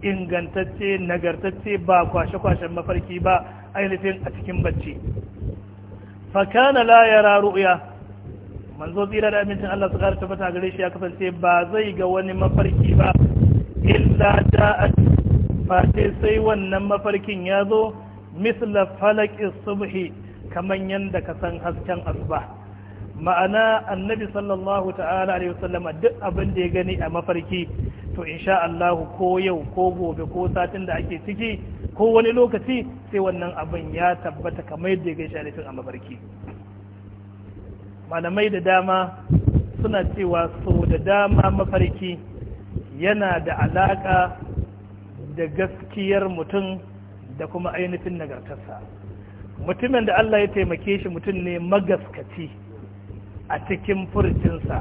ingantacce nagartacce ba kwashe-kwashen mafarki ba ainihin a cikin bacci fakana la yara ru'ya manzo tsira da amincin Allah su ƙara tabbata gare shi ya kasance ba zai ga wani mafarki ba illa da'at fate sai wannan mafarkin ya zo misla falaki subhi kaman yanda ka san hasken asuba ma'ana annabi sallallahu ta'ala alaihi wasallama duk abin da ya gani a mafarki to insha Allah ko yau ko gobe ko satin da ake ciki ko wani lokaci sai wannan abin ya tabbata kamar yadda ya gaishe alifin a mafarki malamai da dama suna cewa so da dama mafarki yana da alaka da gaskiyar mutum da kuma ainihin nagartarsa mutumin da Allah ya taimake shi mutum ne magaskaci a cikin furcinsa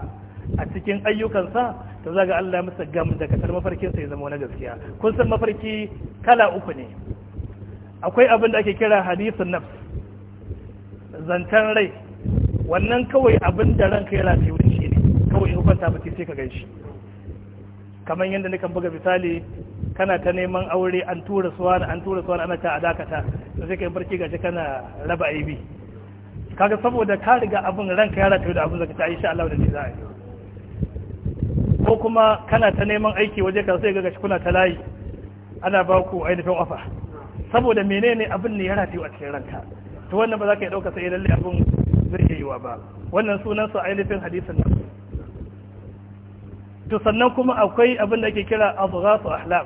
a cikin ayyukansa ta zaga Allah masa gam da kasar mafarkinsa ya zama na gaskiya kun san mafarki kala uku ne akwai abin da ake kira hadisun nafs zancen rai wannan kawai abin da ranka ya rafe shi ne kawai in kwanta baki sai ka gan shi kamar yadda nakan buga misali kana ta neman aure an tura suwa an tura suwa ana ta adakata sai kai barci gashi kana raba aibi kaga saboda ka riga abin ranka ya rataye da abin zaka ta insha Allah da ni za a yi ko kuma kana ta neman aiki waje ka sai ga kuna ta layi ana ba ku ainihin ofa saboda menene abin ne ya rataye a cikin ranka to wannan ba za ka yi ɗauka sai lalle abin zai iya yiwa ba wannan sunan su ainihin hadisin nan to sannan kuma akwai abin da ake kira azghasu ahlam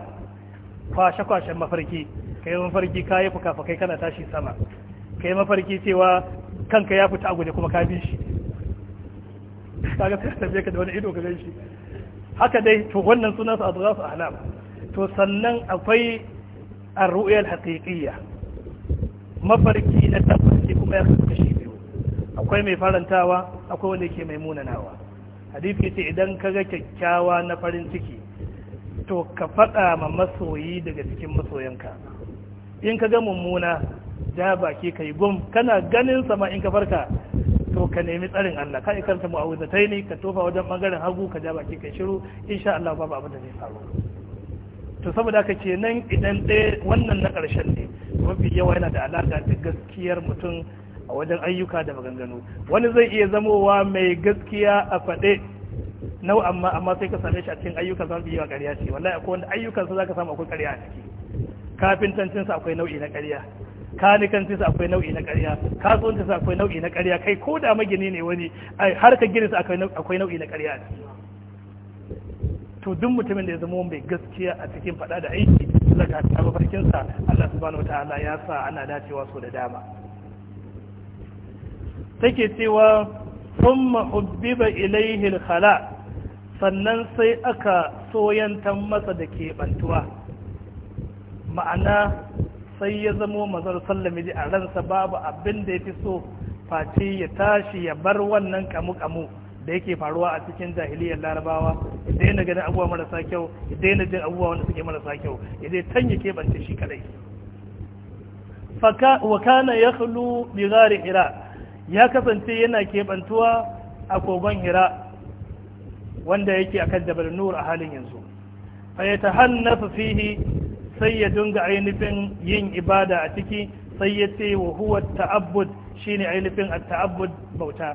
kwashe kwashen mafarki kai mafarki kai fuka-fukai kana tashi sama kai mafarki cewa kanka ya fita a guje kuma ka bi shi kaga sai tafiye ka da wani ido ka gan shi haka dai to wannan sunan su adrasu ahlam to sannan akwai ar-ru'ya al mafarki na tabbaci kuma ya kasu kashi biyu akwai mai farantawa akwai wanda yake mai munanawa hadisi sai idan ka ga kyakkyawa na farin ciki to ka faɗa ma masoyi daga cikin masoyanka in ka ga mummuna ja baki kai gum kana ganin sama in ka farka to ka nemi tsarin Allah ka ta mu'awizatai ne ka tofa wajen bangaren hagu ka ja baki kai shiru insha Allah babu abin da zai faru to saboda haka nan idan ɗaya wannan na ƙarshen ne mafi yawa yana da alaƙa da gaskiyar mutum a wajen ayyuka da maganganu wani zai iya zamowa mai gaskiya a faɗe nau amma amma sai ka same shi a cikin ayyukan sa biyu a ƙarya ce wallahi akwai wanda ayyukan sa zaka samu akwai ƙarya a ciki kafintancin sa akwai nau'i na ƙarya kanikanci su akwai nau'i na ƙarya kasuwanci su akwai nau'i na ƙarya kai ko da magini ne wani har ka gina su akwai nau'i na ƙarya to duk mutumin da ya zama mai gaskiya a cikin faɗa da aiki zaka ta mafarkin sa Allah subhanahu Ta'ala ya sa ana dacewa so da dama take cewa thumma hubbiba ilayhi al-khala sannan sai aka soyantan masa da ke bantuwa ma'ana sai ya zamo mazar sallami ji a ransa babu abin da ya fi so Fati ya tashi ya bar wannan kamu-kamu da yake faruwa a cikin jahiliyar larabawa ya daina ganin abubuwa marasa kyau ya daina jin abubuwa wanda suke marasa kyau ya tan keɓance shi kadai wa kana ya khulu bizarin hira ya kasance yana keɓantuwa a kogon hira wanda yake akan jabal nur a halin yanzu fa yatahannafu fihi sai ya dunga ainihin yin ibada a ciki sai ya ce wa huwa ta'abbud shine ainihin at-ta'abbud bauta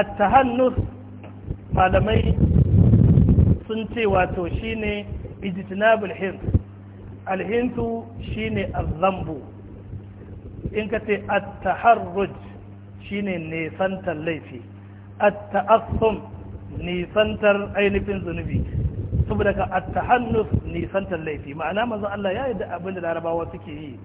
at-tahannus malamai sun ce wato shine ijtinabul hins al-hinsu shine az-zambu in ka ce at-taharruj shine nesantar laifi at-ta'assum nisantar ainihin zunubi saboda ka ta hannu nisantar laifi ma'ana mazan Allah ya yarda abin da larabawa suke yi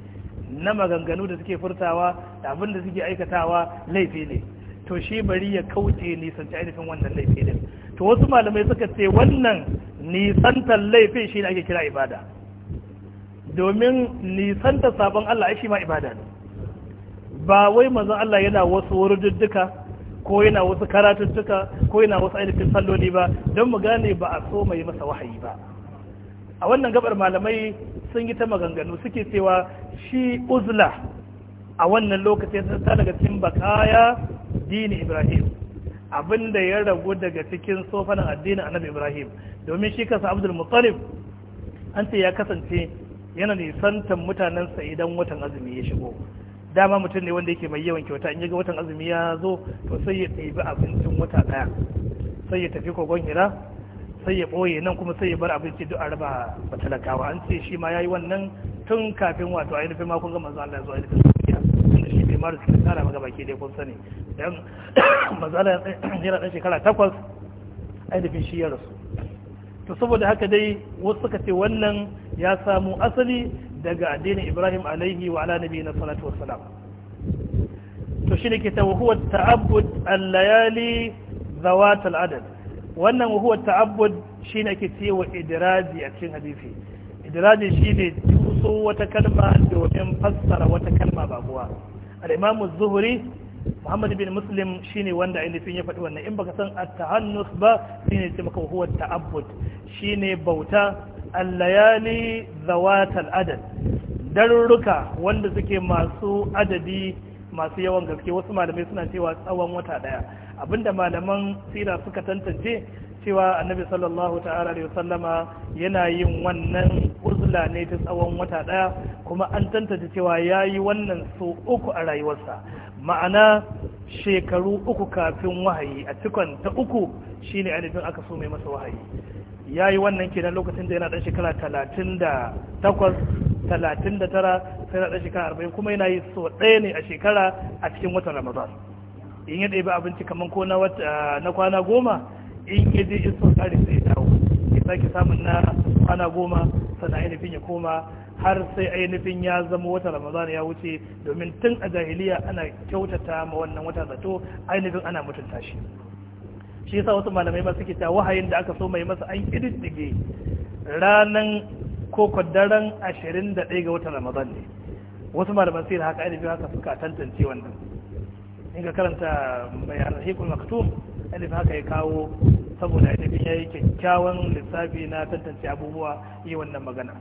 na maganganu da suke furtawa da abin da suke aikatawa laifi ne to shi bari ya kauce nisanci ainihin wannan laifi ne to wasu malamai suka ce wannan nisantar laifin shi ne ake kira ibada domin nisantar sabon Allah shi ma ibada ne ba wai mazan Allah yana wasu wurudduka ko yana wasu karatuttuka ko yana wasu ainihin salloli ba don mu gane ba a so mai masa wahayi ba a wannan gabar malamai sun yi ta maganganu suke cewa shi uzla a wannan lokaci ta daga cikin bakaya dini ibrahim abin da ya ragu daga cikin sofanin addinin annabi ibrahim domin shi kasa abdul mutalib an ce ya kasance yana nisantar mutanensa idan watan azumi ya shigo dama mutum ne wanda yake mai yawan kyauta in yaga watan azumi ya zo to sai ya ɗebi abincin wata ɗaya sai ya tafi kogon hira sai ya ɓoye nan kuma sai ya bar abinci duk a raba ba talakawa an ce shi ma ya yi wannan tun kafin wato ainihin ma makon ga zuwa Allah ya zo ainihin suriya tunda shi bai mara suka tsara maka baki dai kun sani dan manzo yana ɗan shekara takwas ainihin shi ya rasu to saboda haka dai wasu suka ce wannan ya samu asali daga addinin ibrahim alaihi wa ala nabi na salatu salam. to shi ne ke ta ta'abbud al-layali zawat al-adad wannan wahuwa ta'abbud shi ne ke cewa wa idiraji a cikin hadisi idraji shi ne tuso wata kalma domin fassara wata kalma babuwa al-imamu zuhuri muhammad bin muslim shine wanda ainihin ya faɗi wannan in baka san at-tahannus ba shine ce maka huwa ta'abbud shine bauta allayali zawatal adad darurruka wanda suke masu adadi masu yawan gaske wasu malamai suna cewa tsawon wata daya abinda malaman sira suka tantance cewa annabi sallallahu ta'ala alaihi wasallama yana yin wannan uzla ne ta tsawon wata daya kuma an tantance cewa yayi wannan su uku a rayuwarsa ma'ana shekaru uku kafin wahayi a cikon ta uku shine ainihin aka so mai masa wahayi ya yi wannan kenan lokacin da yana ɗan shekara talatin da takwas talatin da tara sai na ɗan shekara arba'in kuma yana yi so ɗaya ne a shekara a cikin watan ramadan in ya ɗaya abinci kamar ko na kwana goma in ya je in so sai ya dawo ya sake samun na kwana goma sana ainihin ya koma har sai ainihin ya zama wata ramadan ya wuce domin tun a jahiliya ana kyautata ma wannan wata zato ainihin ana mutunta shi shi yasa wasu malamai suke cewa wahayin da aka so mai masa an kididdige ranan ko daren ashirin da ga watan ramadan ne wasu malaman sai da haka ainihin haka suka tantance wannan in ka karanta mai arhikul maktum ainihin haka ya kawo saboda ainihin ya yi kyakkyawan lissafi na tantance abubuwa yi wannan magana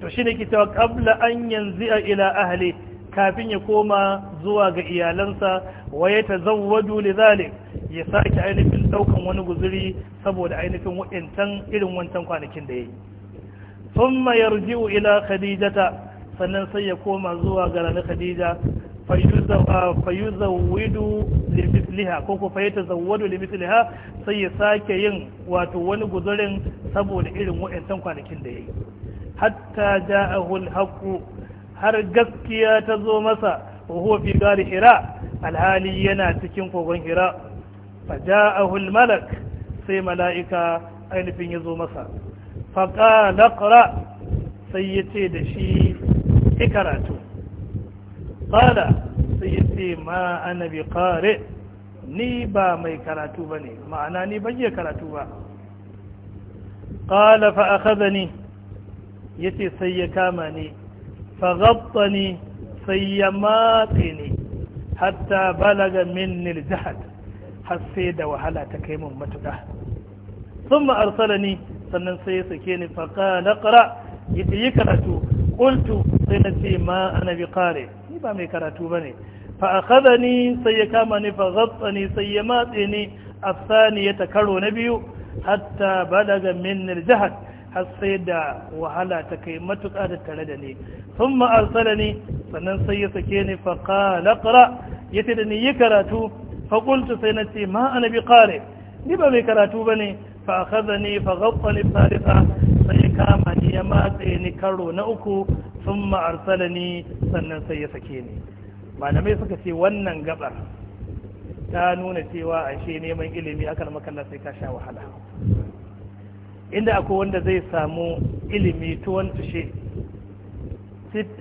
to shi ne kitawa kabla an yanzu a ila ahali kafin ya koma zuwa ga iyalansa wa ya tazawwadu lidhalik ya sake ainihin daukan wani guzuri saboda ainihin wa'intan irin wancan kwanakin da yayi thumma yarji'u ila khadijata sannan sai ya koma zuwa ga ranar khadija ah, fayuzawwidu limitliha ko ko fayatazawwadu limitliha sai ya sake yin wato wani guzurin saboda irin wa'intan kwanakin da yayi hatta ja'ahu al har gaskiya ta zo masa وهو في fi gari hira alhali yana cikin kogon hira fa ja'ahu almalak sai mala'ika ainihin ya zo masa fa qala qra sai yace da shi ki ni ba mai karatu bane ma'ana ni ban yi karatu ba qala fa akhadhani yace sai ya kama ni fa ghattani sai ya matse ni hatta balaga min niljahad har sai da wahala ta kai mun matuka sun sannan sai ya sake ni faƙa na ƙara yi karatu ƙultu sai na ce ma ana bi ƙare ni ba mai karatu ba ne fa'akada ni sai ya kama ni fa ni sai ya matse ni a ya ta na biyu hatta balaga min niljahad har sai da wahala ta kai matuƙa da tare da ni sun sannan sai ya sake ni fa qala qra yace da ni yi karatu fa qultu sai na ce ma anabi bi ni ba mai karatu bane fa akhadhani fa ghaffani thalitha sai kama ni ya matse ni karo na uku thumma arsalani sannan sai ya sake ni malamai suka ce wannan gabar ta nuna cewa ashe neman ilimi akan makalla sai ka sha wahala inda akwai wanda zai samu ilimi tuwon tushe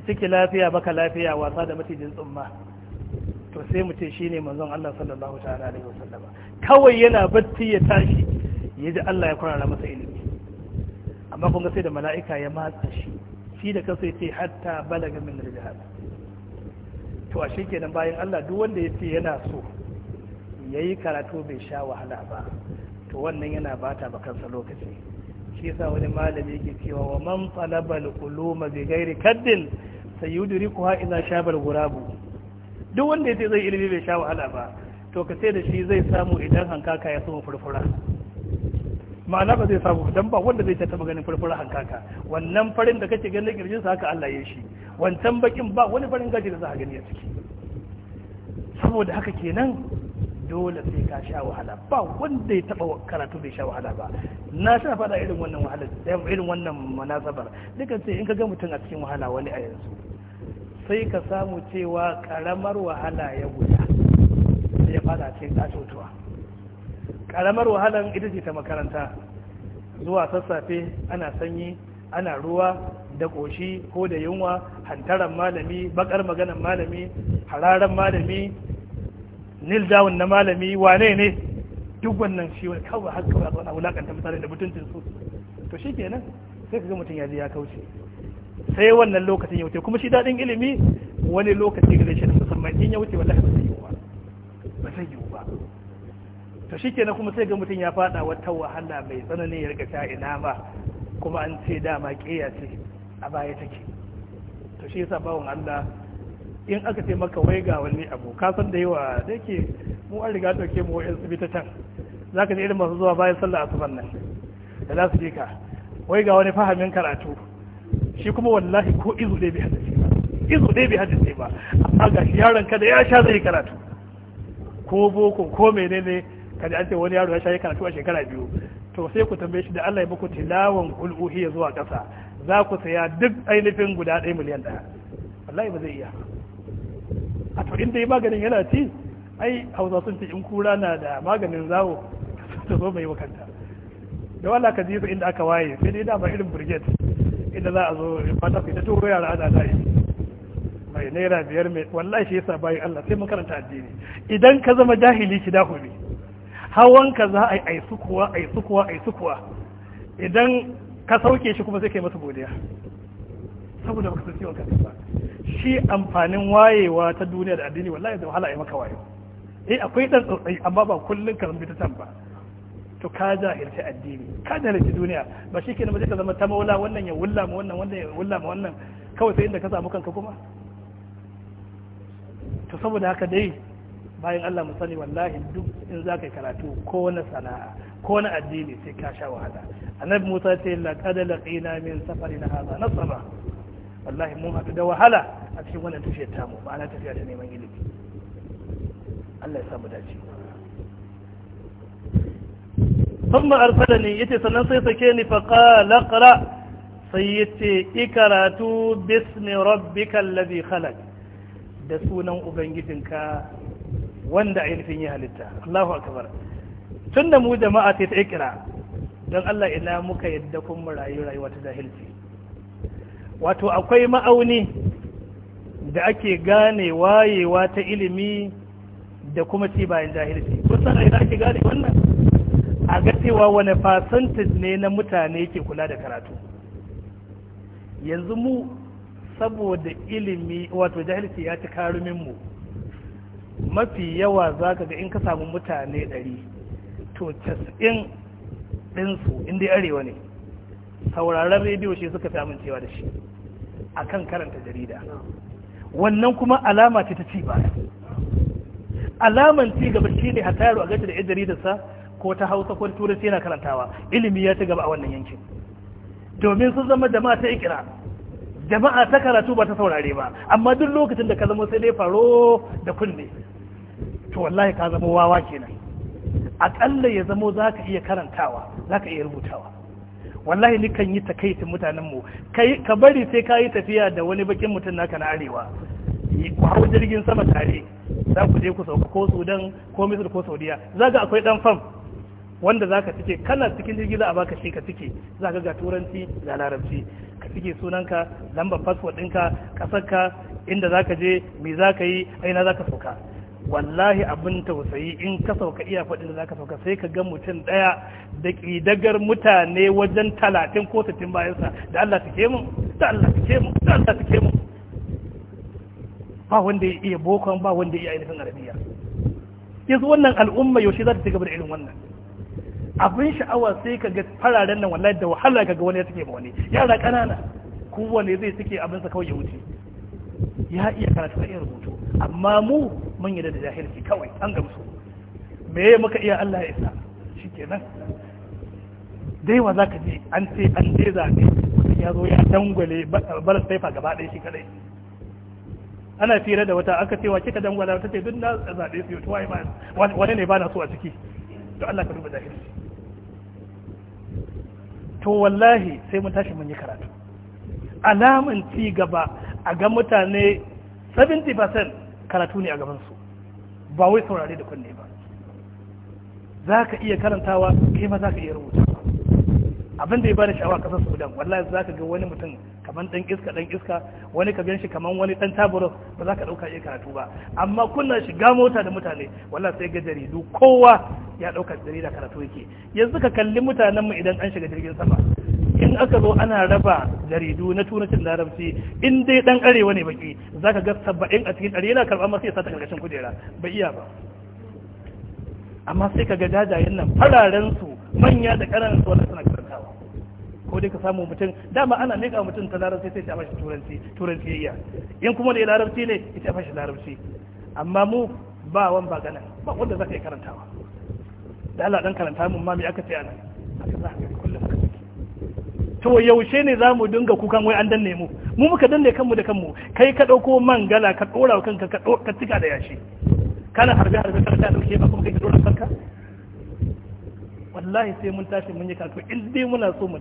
ciki lafiya baka lafiya wasa da matijin tsumma to sai mu ce shine manzon Allah sallallahu ta'ala alaihi wasallam kawai yana batti ya tashi ya ji Allah ya kurara masa ilimi amma kun ga sai da mala'ika ya matsa shi shi da kansa ya ce hatta balaga min rijal to a kenan bayan Allah duk wanda ya ce yana so yayi karatu bai sha wahala ba to wannan yana bata ba kansa lokaci shi yasa wani malami yake cewa wa man talaba al-uluma bi ghairi kaddin sayudrikuha ha shaba shabal ghurabu duk wanda yace zai ilimi bai sha wahala ba to ka sai da shi zai samu idan hankaka ya samu furfura ma'ana ba zai samu dan ba wanda zai tattaba ganin furfura hankaka wannan farin da kake ganin kirjin sa haka Allah ya shi wancan bakin ba wani farin gaji da za a gani a ciki saboda haka kenan dole sai ka sha wahala ba wanda ya taba karatu bai sha wahala ba na sha fada irin wannan wahala eh, irin wannan munasabar duka sai in ka ga mutum a cikin wahala wani a yanzu sai ka samu cewa karamar wahala ya guda sai ya fada ta katotuwa karamar wahalan ita ce ta makaranta zuwa sassafe ana sanyi ana ruwa da ƙoshi ko da yunwa hantaran malami bakar maganan malami hararan malami nil dawun na malami wane ne duk wannan shi wani kawai har kawai a zauna wulakanta mutane da mutuncin su to shi kenan sai ka ga mutum ya je ya kauce sai wannan lokacin ya wuce kuma shi daɗin ilimi wani lokaci ga shi musamman in ya wuce wallahi ba zai yiwu ba ba zai yiwu ba to shi kenan kuma sai ga mutum ya faɗa wata wahala mai tsanani ya riga ta ina ma kuma an ce dama ƙeya ce a baya take to shi yasa bawan Allah in aka ce maka wai ga wani abu ka san da yawa da ke mu an riga dauke mu wa'in su ta can za ka je irin masu zuwa bayan sallah asuban nan da za su je ka wai ga wani fahimin karatu shi kuma wallahi ko izu ɗaya bai hadisi ba izu ɗaya bai hadisi ba amma ga shi yaron ka da ya sha zai karatu ko boko ko menene kaji an ce wani yaro ya sha karatu a shekara biyu to sai ku tambaye shi da Allah ya muku tilawan kul'uhi zuwa ƙasa za ku saya duk ainihin guda ɗaya miliyan ɗaya wallahi ba zai iya a to inda maganin yana ci ai hausa sun ce in kura na da maganin zawo ta zo mai wakanta da wala ka je inda aka waye sai dai dama irin brigade inda za a zo fata fita turo yara ana da yi mai naira biyar mai wallahi shi yasa bayan Allah sai makaranta addini idan ka zama jahili ki da hawan ka za a yi aisukuwa aisukuwa aisukuwa idan ka sauke shi kuma sai kai masa godiya saboda baka san ciwon ka ba shi amfanin wayewa ta duniya da addini wallahi da wahala ai maka wayo eh akwai dan tsotsai amma ba kullun ka rubuta tan ba to ka jahilci addini ka jahilci duniya ba shi kenan ba zai ka zama ta maula wannan ya wulla ma wannan wannan ya wulla ma wannan kawai sai inda ka samu kanka kuma to saboda haka dai bayan Allah mu sani wallahi duk in za ka yi karatu ko na sana'a ko na addini sai ka sha wahala annabi Musa ce laqad laqina min safarina hadha nasaba wallahi mun haɗu da wahala a cikin wannan tafiyar tamu ma'ana tafiya ta neman ilimi Allah ya samu dace sai sake ni سنن سي سكيني فقال اقرأ سيتي اكراتو باسم ربك الذي خلق da sunan ubangijinka wanda ainihin ya halitta Allahu akbar tunda mu jama'a sai ta ikira don Allah ina muka yadda kun rayu rayuwa ta jahilci wato akwai ma'auni da ake gane wayewa ta ilimi da kuma ci bayan jahilci kusan a ake gane wannan a ga cewa wani fasantis ne na mutane ke kula da karatu yanzu mu saboda ilimi wato jahilci ya ci mu mafi yawa za ka ga in ka samu mutane ɗari to 90 ɗinsu inda arewa ne sauraron rediyo shi suka fi amincewa da shi akan karanta jarida wannan kuma alama ce ta ci ba alaman ci gaba shi ne hatayaru a gaci da 'yan jaridarsa ko ta hausa ko turanci yana karantawa ilimi ya ci gaba a wannan yankin domin sun zama jama'a ta ikira jama'a ta karatu ba ta saurare ba amma duk lokacin da ka zama sai dai faro da kunne to wallahi ka zama wawa kenan aƙalla ya zama za ka iya karantawa za ka iya rubutawa wallahi ni kan yi takaitin mutanen mu ka bari sai ka yi tafiya da wani bakin mutum naka na arewa ku hau jirgin sama tare za ku je ku sauka ko sudan ko misir ko saudiya za ga akwai dan fam wanda za ka cike kana cikin jirgi za a baka shi ka cike za ka ga turanci ga larabci ka cike sunanka lambar fasfot ɗinka ƙasarka inda za ka je me za ka yi aina za ka sauka wallahi abin tausayi in ka sauka iya faɗin da za ka sauka sai ka ga mutum ɗaya da ƙidagar mutane wajen talatin ko sittin bayansa da Allah su ke mu da Allah su ke mu da Allah su ke mu ba wanda ya iya bokon ba wanda ya iya ainihin arabiya yanzu wannan al'umma yaushe za ta ci gaba da irin wannan abin sha'awa sai ka ga fararen nan wallahi da wahala ka ga wani ya suke ma wani yara ƙanana kowane zai suke abinsa kawai ya wuce ya iya karatu ya rubutu amma mu mun yi da jahilci kawai an gamsu me muka iya Allah ya isa shikenan dai wa za ka ji an ce an je zabe mutum ya zo ya dangwale balas taifa gaba ɗaya shi kadai ana fira da wata aka cewa kika dangwala wata ce duk na zaɓe su yi wani ne ba na so a ciki to Allah ka duba jahilci to wallahi sai mun tashi mun yi karatu alamun ci gaba a ga mutane 70% karatu ne a gabansu ba wai saurare da kunne ba za ka iya karantawa kai ma za ka iya rubuta abin da ya bada sha'awa kasar sudan wallahi za ka ga wani mutum kaman dan iska dan iska wani ka ganshi kaman wani dan taburo ba za ka dauka iya karatu ba amma kunna shiga mota da mutane wallahi sai ga jaridu kowa ya dauka jarida karatu yake yanzu ka kalli mutanen mu idan an shiga jirgin sama in aka zo ana raba jaridu na tunacin larabci in dai dan arewa ne baki zaka ga saba'in a cikin ɗari yana karɓa masu ya sata karkashin kujera bai iya ba amma sai ka ga jajayen nan fararen su manya da ƙananan su wanda suna karantawa ko dai ka samu mutum dama ana miƙa mutum ta larabci sai ta bashi turanci turanci iya in kuma da larabci ne ita bashi larabci amma mu ba wan ba ganin ba wanda zaka yi karantawa da Allah dan karanta mun ma me aka ce nan haka za ka to yaushe ne za mu dinga kukan wai an danne mu mu muka danne kanmu da kanmu kai ka ɗauko mangala ka ɗora kanka ka tuka da yashi kana harbe harbe kana da ɗauke ba kuma kai ka ɗora kanka wallahi sai mun tashi mun yi kato in dai muna so mu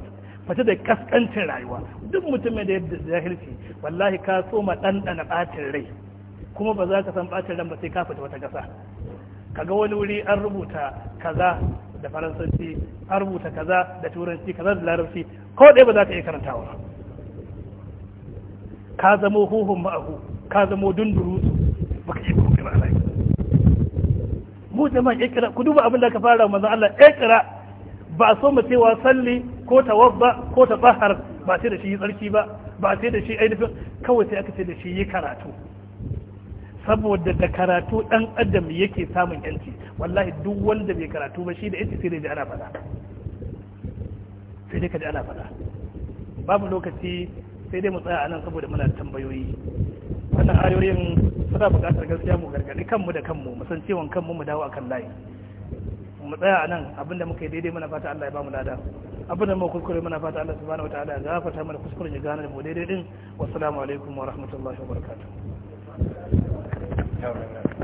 fata da kaskancin rayuwa duk mutumin da yadda jahilci wallahi ka so ma ɗanɗana ɓacin rai kuma ba za ka san ɓacin ran ba sai ka fita wata ƙasa kaga wani wuri an rubuta kaza da faransanci an rubuta kaza da turanci kaza da larabci ko ɗaya ba za ka iya karantawa ka zamo huhun ma'ahu ka zamo ba baka iya kuma ba alai mu jama'a ikra ku duba abin da ka fara manzo Allah ikra ba a so mu cewa salli ko tawabba ko tabahar ba sai da shi yi tsarki ba ba sai da shi ainihin kawai sai aka ce da shi yi karatu saboda da karatu dan adam yake samun yanci wallahi duk wanda bai karatu ba shi da yanci sai dai ana fada sai dai ka ana fada babu lokaci sai dai mu tsaya anan saboda muna tambayoyi wannan ayoyin suna buƙatar gaskiya mu gargaɗi kanmu da kanmu mu san cewa kanmu mu dawo akan layi mu tsaya anan abinda muka yi daidai muna fata Allah ya ba mu lada abinda muka kuskure muna fata Allah subhanahu wataala ya gafarta mana kuskuren ya gane da mu daidai din wassalamu alaikum wa rahmatullahi wa barakatuh Have a nice